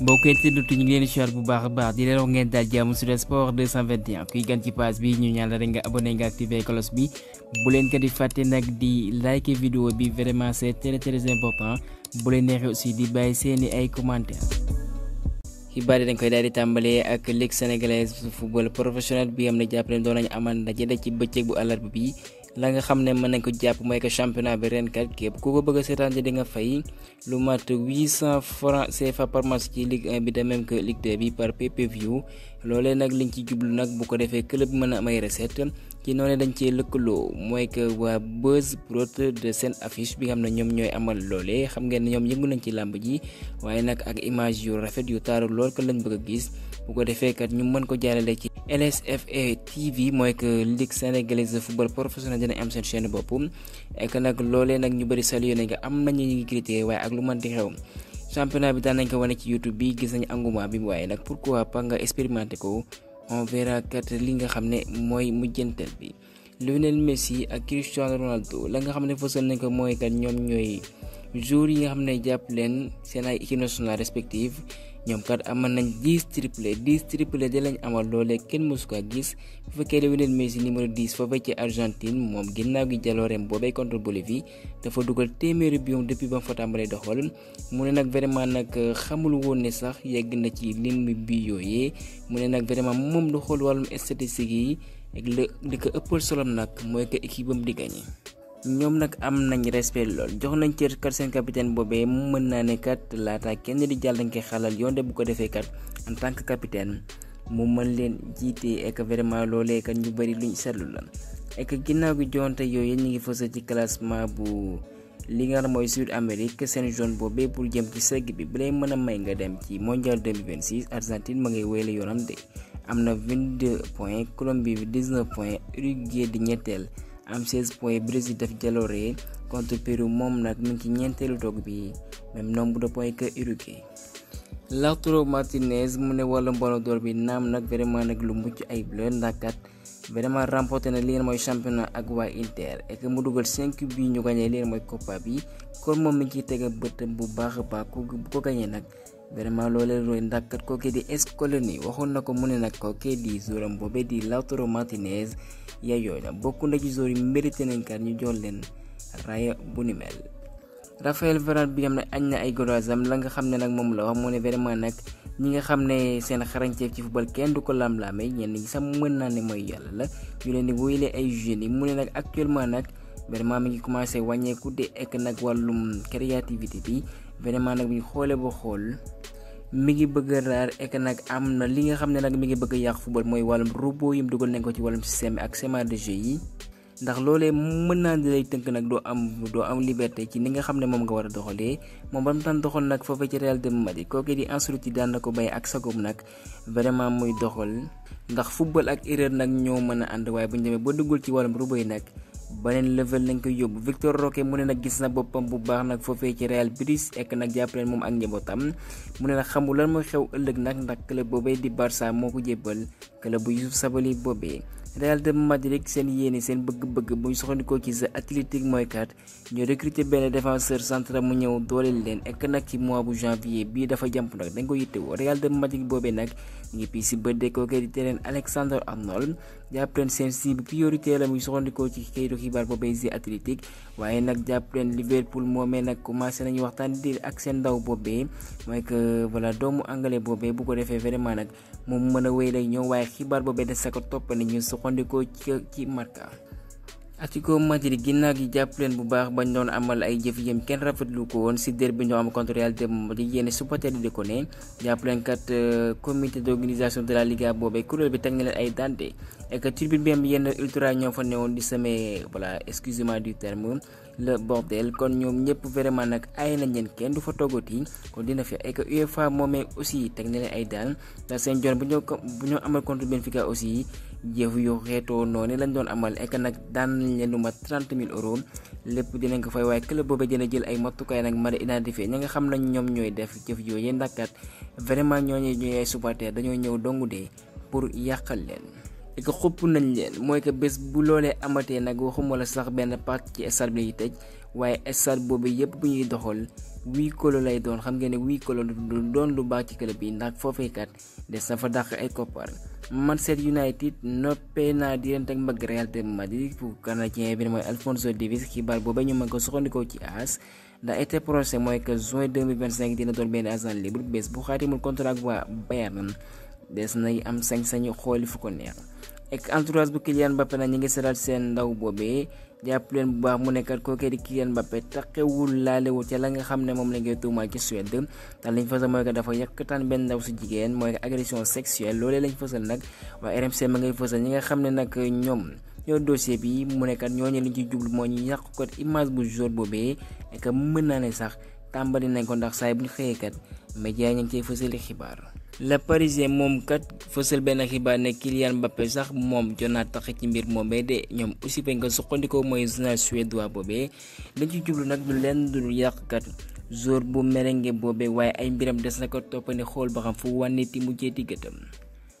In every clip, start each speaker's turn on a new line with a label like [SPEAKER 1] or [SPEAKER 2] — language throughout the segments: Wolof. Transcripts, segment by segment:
[SPEAKER 1] mbokk yi ñu ngi leen bu baax a baax di leen ngeen daal jàmm Sud Sport 221 kuy gan ci page bi ñu ñaan rek nga abonné nga activé cloche bi bu leen ko di fàtte nag di like vidéo bi vraiment c' est très très important bu leen neexee aussi di bàyyi seeni ay commentaires. xibaar yi dañ koy daal di tàmbalee ak ligue sénégalaise football professionnel bi am na jàppale ne doon nañu amal ndaje ci bëccëg bu àllarba bi. la nga xam ne nañ ko jàpp mooy que championnat bi ren kat képp ku ko bëgg a seetaan ci di nga fay lu mat 800 francs CFA par match ci Ligue 1 bi de même que Ligue 2 bi par PPV loolee nag liñ ci jublu nag bu ko defee club mën am ay recette ci noonu dañ que Buzz Prod de afish affiche bi nga xam ne ñoom amal loolee xam ngeen ne ñoom yëngu nañ ci làmb ji waaye nag ak image yu rafet yu taaru lool que lañ bëgg gis bu ko defee kat ñu mën ko ci. LSFA TV mooy que Ligue sénégalaise de football professionnel dina am seen chaîne bopp et que nag loolee nag ñu bëri salué nañ ko am na ñu ngi critiqué waaye ak lu mën di xew championnat bi daan nañ ko wane ci YouTube bi gis nañu engouement bi waaye nag quoi pas nga expérimenté ko on verra kat li nga xam ne mooy mujjantal bi. Lionel Messi ak Cristiano Ronaldo la nga xam ne fësal nañ ko mooy kat ñoom ñooy joueurs yi nga xam ne jàpp leen seen ay équipe respective ñoom kat amal nañ triple triplé 10 triplé di lañ amal loolee kenn mosu ko gis bu fekkee Lionel Messi numéro 10 foofee ci Argentine moom ginnaaw gi jaloorem boobee contre Bolivie dafa dugal téeméeri biom depuis ba mu fa tàmbalee doxal mu ne nag vraiment nag xamul woon ne sax yegg na ci lim bi yooyee mu ne nag vraiment moom du xool wàllum statistique yi ak li ko ëppal solom nag mooy que équipe am di gagné. ñoom nag am nañ respect lool jox nañ cër kat seen capitaine boobee mën naa ne kat laata kenn di jàll nga xalal yoon de bu ko defee kat en tant que capitaine mu mën leen jiite ek vraiment loolee kat ñu bari luñ seetlu la ek ginnaaw gi jonte yooyu ñu ngi fësal ci classement bu li nga xam mooy sud amérique seen zone boobee pour jëm ci segg bi bu lay mën a may nga dem ci mondial 2026 argentine ma ngay wéyale yoonam de am na 22 points colombie 19 points uruguay di ñetteel am point points Brésil def jaloore contre Pérou moom nag mu ngi ñeenteelu toog bi même nombre de points que Uruguay. Lautaro Martinez mu ne wala Ballon d'Or bi naam nag vraiment nag lu mucc ay ayib la ndax kat vraiment remporté ne lii mooy championnat ak waa Inter et mu dugal 5 bi ñu gagné lii mooy Copa bi kon moom mi ngi ciy teg bëtt bu baax a baax ku ko gagné nag. vraiment loolee roy ndax kat kooku di Escoloni waxoon na ko mu ne nag kooku di jouram boobee di Lautaro Martinez yaayoo na bokk na ci joueur yi mérité nañ kat ñu jox leen raaya bu ni mel. Raphaël Varane bi am na añ na ay godaasam la nga xam ne nag moom la wax mu ne vraiment nag ñi nga xam ne seen xarañteef ci football kenn du ko lam-laame ñenn ñi sax mën naa ne mooy yàlla la ñu leen di wéyalee ay jeunes yi mu ne nag actuellement nag. vraiment mi ngi commencé wàññeeku de ek nag wàllum créativité bi vraiment nag bu ñu migi ba xool mi ngi bëgg a ek am na li nga xam ne mi ngi bëgg a football mooy walum robot yi mu dugal nañ ko ci wàllum système ak schéma de jeu yi ndax mën am do am liberté ci ni nga xam ne moom nga war a doxalee moom ba doxal ci Real de Madrid di Ancelotti daan na ko bàyyi ak sagum nag vraiment muy doxal ndax football ak erreur nag ñoo mën a ànd waaye bu ñu demee ci robot yi beneen level lañ koy yóbbu Victor Roque mu ne nag gis na boppam bu baax nag foofee ci Real Betis ek nag jàppaleen moom ak njabootam mu ne na xamul lan mooy xew ëllëg nag ndax club boobee di Barça moo ko jébbal club bu Youssouf Sabaly boobee Real de Madrid seen yéene seen bëgg-bëgg bu ñu soxandikoo ci The Athletic mooy kat ñu recruter benn défenseur central mu ñëw dooleel leen ek nag ci mois bu janvier bii dafa jàmp nag dañ ko yittewoo Real de Madrid boobee nag ngi pii si bëddee kookee di terrain Alexander Arnold jàpp leen seen cible priorité la muy soxandikoo ci kayitu xibaar boobee The Athletic waaye nag jàpp leen Liverpool moomee nag commencé nañu waxtaan di ak seen ndaw boobee mooy que voilà doomu anglais boobee bu a wéy lay sukkandikoo ci ci Marca. Atlético Madrid ginnaaw gi jàpp bu baax bañ doon amal ay jëf yëm kenn rafetlu ko woon si derby bi ñoo am contre Real de Madrid yéen supporter di ko ne jàpp kat euh, comité d' de la Liga boobee kuréel bi teg na leen ay dante et que tribune bi am yenn ultra ñoo fa newoon di semer voilà excusez-moi du terme le bordel kon ñoom ñëpp vraiment nag ay nañ leen kenn du fa toggati kon dina fi et UEFA moomee aussi teg na ay daan ndax seen jëf yu xeetoo noonu lañu doon amal ek nag daan nañ leen lu mat 30 000 euros lépp dinañ ko fay waaye club boobee dina jël ay matukaay nag mën a identifier ñi nga xam nañ ñoom ñooy def jëf yooyu ndax kat vraiment ñooñu ñooy ay supporters dañoo ñëw dongu dee pour yàqal leen. et xupp nañ leen mooy que bés bu loolee amatee nag waxuma la sax benn partie ci stade bi lañuy tëj waaye stade boobu yëpp bu ñuy doxal huis kolo lay doon xam ngeen ne kolo lu du doon lu baax ci club yi ndax foofeekat des na fa dàq ay koppar. Manchester United noppee naa di leen teg mbagg Real de Madrid bu canadien bi mooy Alphonso Davies xibaar boobu ñu mën ko soxandikoo ci AS ndax été prochain mooy que juin 2025 dina doon benn agent libre bés bu xaatimul contrat waa Bayern des nay am sañ-sañu xooli fu ko neex ek entourage bu Kylian Mbappé na ñu ngi seral seen ndaw boobee. jàpp leen bu baax mu nekkat kookee di Kylian Mbappé taxewul laalewu ca la nga xam ne moom la ngay tuumaal ci Suède ndax liñ fasal mooy que dafa yàkkataan benn ndaw si jigéen mooy que agression sexuelle loolee lañ fasal nag waaye RMC ma ngay fasal ñi nga xam ne nag ñoom ñoo dossier bi mu nekkat ñooñu liñ ci jublu moo ñu yàq ko image bu jour boobee et que mën naa ne sax tàmbali nañ ko ndax saay bu ñu xëyeekat média ñu ngi cay fësali xibaar le parisien moom kat fësal benn xibaar ne Kylian Mbappé sax moom jot naa tax ci mbir moomee de ñoom aussi bañ ko suqandikoo mooy journal suédois boobee lañ ci jublu nag lu leen dul yàq kat jour bu merengue boobee waaye ay mbiram des na ko toppandi xool ba xam fu wànniti mujjeeti gëtam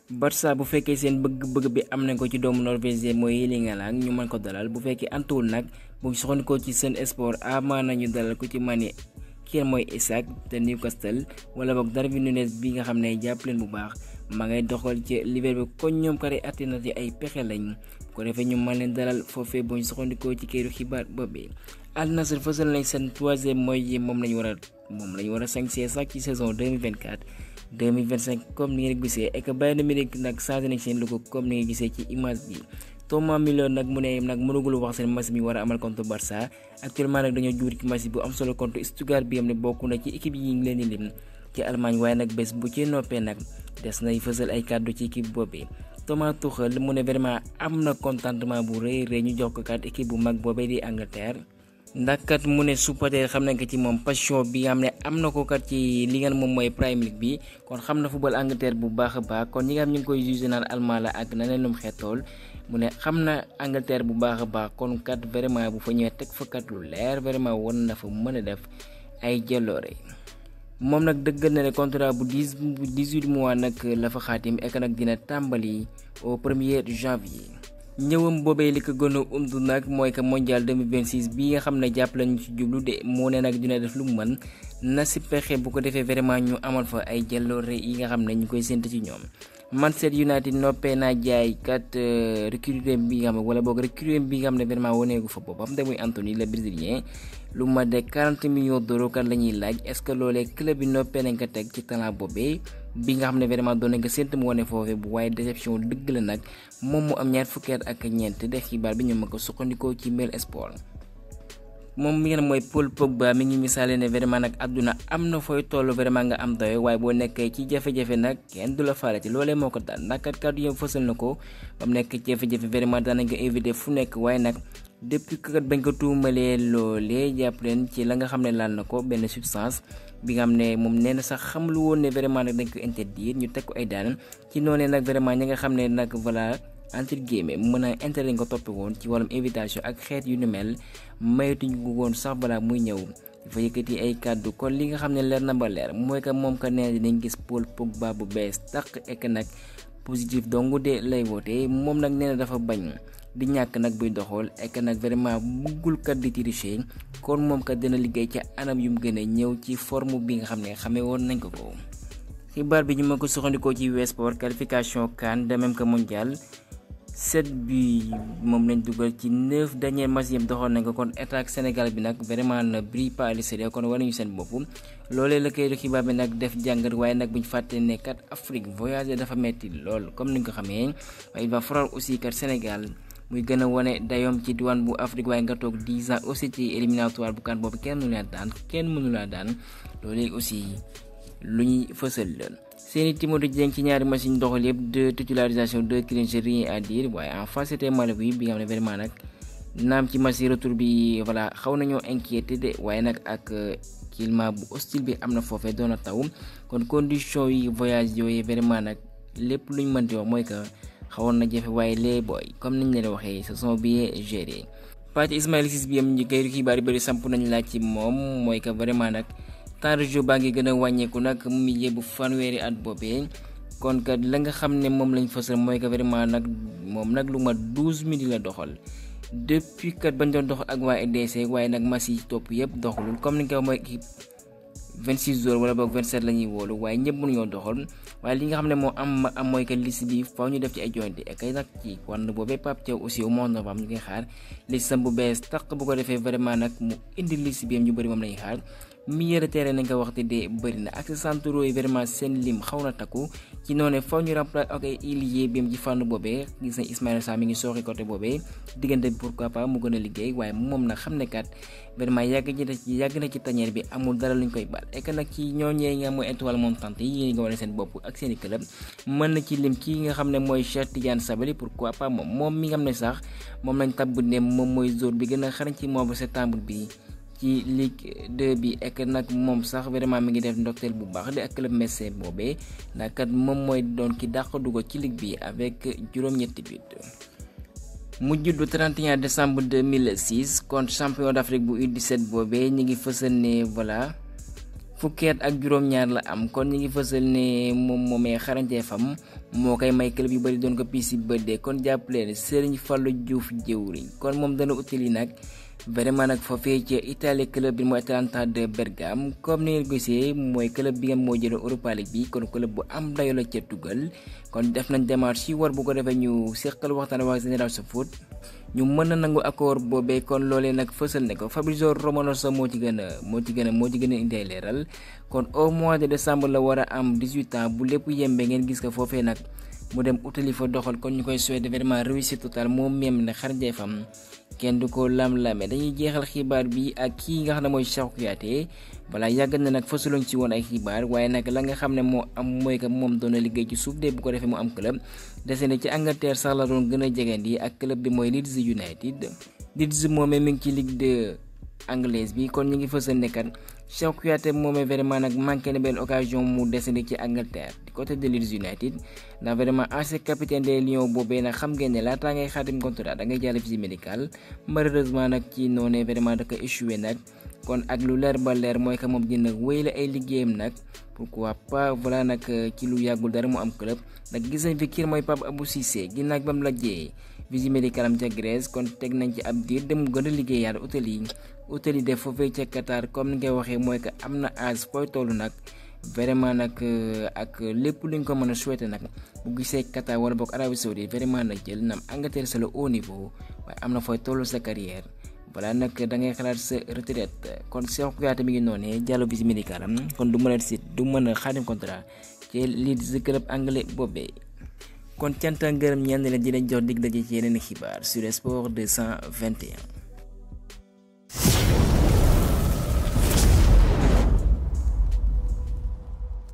[SPEAKER 1] Barça bu fekkee seen bëgg-bëgg bi am nañ ko ci doomu norvégien mooy Erling Haaland ñu man ko dalal bu fekkee antuwul nag bu soxandikoo ci seen sport na ñu dalal ko ci mani kii mooy Isaac te Newcastle wala boog Darwin Nunez bi nga xam ne jàpp leen bu baax ma ngay doxal ci liber bi kon ñoom kare àtte na ci ay pexe lañ ko defee ñu mën leen dalal foofee bu ñu soxandikoo ci këru xibaar boobee. Al Nassr fësal nañ seen troisième mooy moom lañu war moom moom lañu war a sañsee sax ci saison 2024 2025 comme ni ngeen gisee et que Bayern nag comme ni ngeen gisee ci image bi. Thomas Müller nag mu ne nag mënagul wax seen match bi war a amal contre Barça actuellement nag dañoo juur ci match bu am solo contre Stuttgart bi am ne bokk na ci équipe yi ngi leen di lim ci Allemagne waaye nag bés bu ci noppee nag des nay fësal ay kàddu ci équipe boobee Thomas Tuchel mu ne vraiment am na contentement bu rëy rëy ñu jox ko kàddu équipe bu mag boobee di Angleterre. ndax kat mu ne supporter xam nañ ko ci moom passion bi nga xam ne am na ko kat ci li ngeen moom mooy Premier bi kon xam na football Angleterre bu baax a baax kon ñi nga xam ñu ngi koy jugé naan allemand la ak na leenum xeetool mu ne xam na Angleterre bu baax a baax kon kat vraiment bu fa ñëwee teg fa kat lu leer vraiment war na fa mën a def ay jëloore moom nag dëggal na ne contrat bu dix bu dix-huit mois nag la fa xaatim ek nag dina tàmbali au premier janvier. ñëwam boobee li ko gën a umtu nag mooy que mondial 2026 bi nga xam ne jàpp lañu ci jublu de moo ne nag dina def lu mu mën na si pexe bu ko defee vraiment ñu amal fa ay jaloore yi nga xam ne ñu koy sént ci ñoom. man Manchester United noppee naa jaay kat euh, recruté bi nga xam ne wala boog recruté bi nga xam ne vraiment waneegu fa boppam te muy Anthony le Brésilien. lu ma de 40 millions d'euros kan la ñuy laaj est ce que loolee club bi noppee nañ ko teg ci talent boobee bi nga xam ne vraiment doon nañ ko séntu mu wane foofee bu waaye déception dëgg la nag moom mu am ñaar fukki ak ñeent de xibaar bi ñoom ma ko suqandikoo ci Mail Sport. moom mi ngeen mooy Paul ba mi ngi misaale ne vraiment nag àdduna am na fooy toll vraiment nga am doyo waaye boo nekkee ci jafe-jafe nag kenn du la faale ci loolee moo ko daal ndax kat kàddu yëpp na ko ba mu nekk jafe-jafe vraiment daanañ ko éviter fu nekk waaye nag depuis que kat bañ ko tuumalee loolee jàpp leen ci la nga xam ne laal na ko benn substance bi nga xam ne moom nee na sax xam lu woon ne vraiment nag dañ ko interdire ñu teg ko ay daan ci noonee nag vraiment ñi nga xam ne nag voilà entre guillemets mën a intérêt ko toppee woon ci wàllum invitation ak xeet yu ni mel maytuñ ko woon sax balaa muy ñëw. dafa yëkkati ay kàddu kon li nga xam ne leer na ba leer mooy que moom ka nee nañ gis Paul baa bu bees tàq ek nag positif dong de lay woote moom nag nee na dafa bañ di ñàkk nag buy doxal et que nag vraiment buggul kat di tricher kon moom kat dina liggéey ci anam yu mu gën a ñëw ci forme bi nga xam ne xamee woon nañ ko ko. xibaar bi ñu ma ko suxandikoo ci weesport qualification CAN de même que mondial. sept bi moom lañ dugal ci neuf dernier match doxoon nañ ko kon attaque senegal bi nag vraiment na brille pas à l'extérieur kon war nañu seen bopp loolee la koy xibaar bi nag def jàngat waaye nag bu ñu fàtte ne kat Afrique voyager dafa metti lool comme ni nga ko xamee waaye il va falloir aussi kat Sénégal muy gën a wane dayoom ci diwaan bu Afrique waaye nga toog 10 ans aussi ci éliminatoire bu kan boobu kenn mënu laa daan kenn mënu laa daan loolee aussi lu ñuy fësal la seeni Timothée Dieng ci ñaari machine doxal yëpp de titularisation de clincher rien à dire waaye en face c'était Malawi bi bi voilà xaw nañoo inquiété de waaye nag ak euh, climat bu hostile bi am na foofee doon taw kon condition yi voyage yooyu vraiment nag lépp luñ mënti wax mooy que xawoon na jafe waaye lee booy comme niñ leen waxee saison bi géré. Pathé Ismaïla Ciss bi am ñu xibaar yu bëri samp nañ laa ci moom mooy que vraiment nag. tarju baa ngi gën a wàññeeku nag mu milieu bu fanweeri at boobee kon kat la nga xam ne moom fa fësal mooy que vraiment nag moom nag lu ma douze minutes la doxal depuis kat bañ doon doxal ak waa EDC waaye nag mas yi topp yëpp doxalul comme ni ko mooy équipe 26 heures wala boog 27 la ñuy woolu waaye ñëpp ñoo doxal waaye li nga xam ne moo am am mooy que liste bi faw ñu def ci ay jointe ak ay nag ci wànn boobee Pape Thiaw aussi au mois de novembre ñu koy xaar liste sam bu bees taq bu ko defee vraiment nag mu indi liste bi ñu bëri moom lañuy xaar milieu de nañ ko waxte de bëri na ak centraux yi vraiment seen lim xaw na takku ci noonu faw ñu remplacer ok Ilié bi ci fànn boobee gis nañ Ismaïla Sarr mi ngi sooxi côté boobee diggante bi pourquoi pas mu gën liggéey waaye moom na xam ne kat vraiment yàgg na ci yàgg na ci tañeer bi amul dara luñ koy baal et que nag ci ñooñee nga mooy étoile montante yi nga wane seen bopp ak seen i club mën na ci lim kii nga xam ne mooy Cheikh Tidiane Sabaly pour pas moom moom mi nga xam ne moom lañ tabb ne moom mooy zone bi gën a xarañ ci mois de septembre ci Ligue 2 bi ek nag moom sax vraiment mi ngi def ndokteel bu baax di ak club Metz boobee ndax kat moom mooy ki dàq dugg ci ligue bi avec juróom-ñetti but. mu juddu 31 décembre 2006 contre champion d'Afrique bu U17 boobee ñi ngi fësal ne voilà fukki at ak juróom-ñaar la am kon ñi ngi fësal ne moom moomee xarañtee fam mo koy may club yu bari ko piis si kon jàpp Serigne Fallou Diouf kon moom dana utili nag. vraiment nag foofee ci Italie club bi mooy atlanta de Bergame comme ni ngeen gisee mooy club bi nga moo jëlee Europa League bi kon club bu am dayo la ca tugal kon def nañ démarche si war bu ko defee ñu seqal waxtaan waa sa Foot ñu mën na nangu accord boobee kon loolee nag fësal ne ko Fabrizio Romano sa moo ci gën a moo ci gën a moo ci gën a indi ay leeral kon au mois de décembre la war a am 18 ans bu lépp yembee ngeen gis ko foofee nag mu dem utali fa doxal kon ñu koy souhaiter vraiment réussite totale moom même ne xarjee fam kenn du ko lam-lame dañuy jeexal xibaar bi ak kii nga xam ne mooy Cheikhou Kouyaté balaa yàgg na nag fësaloon ci woon ay xibaar waaye nag la nga xam ne moo am mooy que moom doon na liggéey ci suuf de bu ko defee mu am club desee na ci Angleterre sax la doon gën a jegandi ak club bi mooy Leeds United Leeds moomee mi ngi ci ligue de anglaise bi kon ñu ngi fësal nekkat Cheikhou Kouyaté moom vraiment nag manqué na benn occasion mu desandi ci Angleterre du côté de Leeds United ndax vraiment ancien capitaine des Lions boobee nag xam ngeen ne laataa ngay xaatim contrat da ngay jàll visite médicale malheureusement nag ci noonee vraiment da ko échoué nag kon ak lu leer ba leer mooy que moom dina wéy la ay liggéeyam nag pourquoi pas voilà nag euh, ci lu yàggul dara mu am club nag gis nañ fi kii mooy Pape Abou Cissé ginnaaw ba mu la jiyee visite médicale am ca Grèce kon teg nañ ci ab diir dem mu gën a liggéeyaat utali def foofee ca Qatar comme ni ngay waxee mooy que am na âge fooy toll vraiment nag euh, ak lépp luñ ko mën a souhaité nag bu gisee Qatar wala boog Arabie Saoudite vraiment nag jël na am Angleterre sa le haut niveau waaye am na fooy sa carrière voilà nag da ngay xalaat sa retraite kon Cheikhou Kouyaté mi ngi noonee jàllu visite médicale am kon du mën a sit du mën a xaatim contrat ci lii club anglais boobee. kon jox dig ci yeneen sur Sport 221.